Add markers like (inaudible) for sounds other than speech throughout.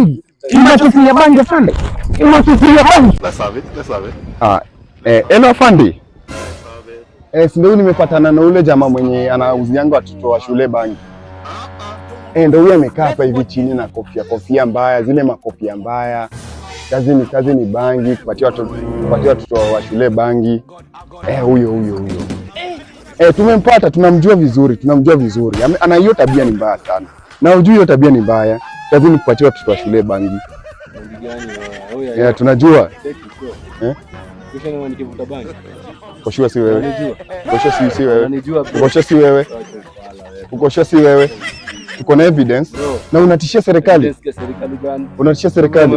bangi, mnachukulia bangi afande, mnachukulia bangi. Hello afande, eh, ndio nimepatana na ule jamaa mwenye anauzianga watoto wa shule bangi. Eh, ndio huyu amekaa hapa hivi chini na kofia kofia mbaya, zile makofia mbaya. Kazi ni kazi ni bangi, kupatia watoto wa shule bangi. Eh, huyo huyo huyo. Eh, tumempata, tunamjua vizuri, tunamjua vizuri. Ana hiyo tabia ni mbaya sana, na ujui hiyo tabia ni mbaya lazima kupatia watoto wa shule bangi. Tunajua eh? kosha si wewe, kosha si wewe, kukosha si wewe. Tuko na evidence na unatishia serikali, unatishia serikali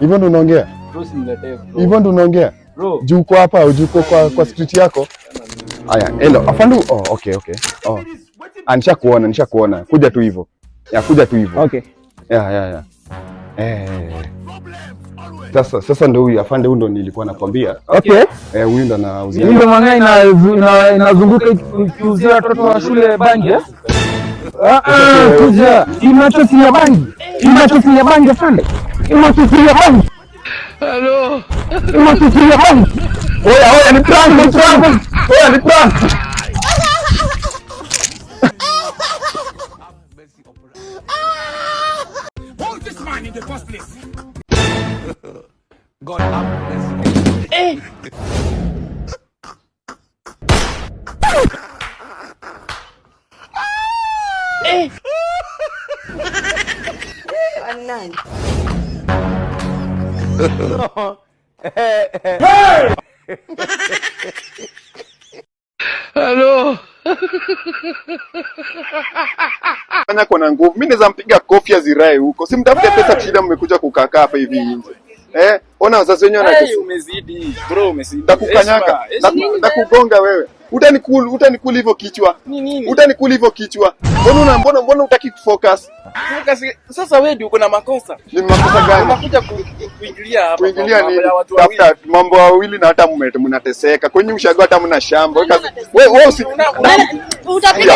hivyo ndo unaongea, hivyo ndo unaongea juu uko hapa au juu uko kwa street yako. Haya, hello afandu. Oh, okay, okay. Oh. Ah, nishakuona, nishakuona, kuja tu hivyo, kuja tu hivyo. Okay. ya, ya, ya. Eh. Sasa sasa ndo huyu afande, huyu ndo nilikuwa nakwambia. Okay. Eh, huyu ndo anauzia. Yule mwangai inazunguka ikiuzia watoto wa shule bangi. Eh? Ah ah, kuja. Inachosi ya bangi. Inachosi ya bangi afande. Inachosi ya bangi. Hello. Inachosi ya bangi. Oya, oya ni prank, ni prank. Oya ni prank. man in the first place. (laughs) God have blessed Hey! hey! hey! Hello! (laughs) Fanya kona nguvu, mimi naweza mpiga kofi azirae huko, simtafute pesa shida, mmekuja kukakaa hapa hivi nje eh. Ona wazazi wenyewe wanatesa. Hey, umezidi bro, umezidi. Nakukanyaka, nakugonga wewe, utanikul utanikul hivyo kichwa Ni nini, utanikul hivyo kichwa. Mbona una mbona mbona utaki focus? focus? Sasa wewe ndio uko na makosa. Ni makosa ah, gani? Unakuja kuingilia hapa, kuingilia nini? Tafuta mambo mawili na hata mnateseka kwenye ushago, hata mna shamba wewe. Wewe utapiga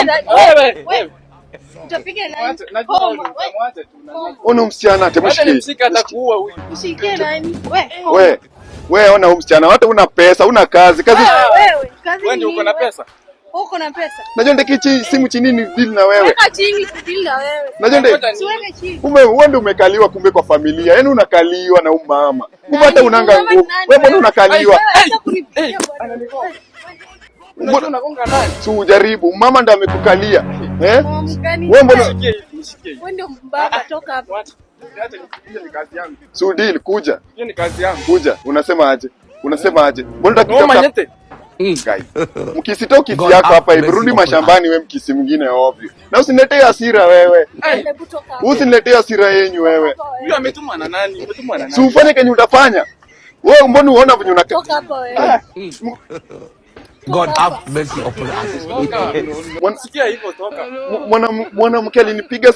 wewe Oh Unu oh. msichana wewe, wewe ona huyu msichana hata una pesa una kazi kazi. Najua ndiki simu chini ni deal na wewe. Najua ndiki. Wewe ndio umekaliwa kumbe kwa familia. Yaani unakaliwa na umama. Kumbe hata unanga nguvu. Wewe mbona unakaliwa? Si ujaribu mama ndo amekukalia eh? Wewe mbona Sudil, kuja kuja, unasema aje? Unasema aje? Mm. Mkisitoa kiti yako hapa hivi, rudi mashambani we mkisi mwingine ovyo, na usiniletee hasira wewe, usiniletee hasira yenyu wewe. Eh. Si ufanye kenye utafanya wewe, mbona uona venye God have mercy upon us. Mwanamke alinipiga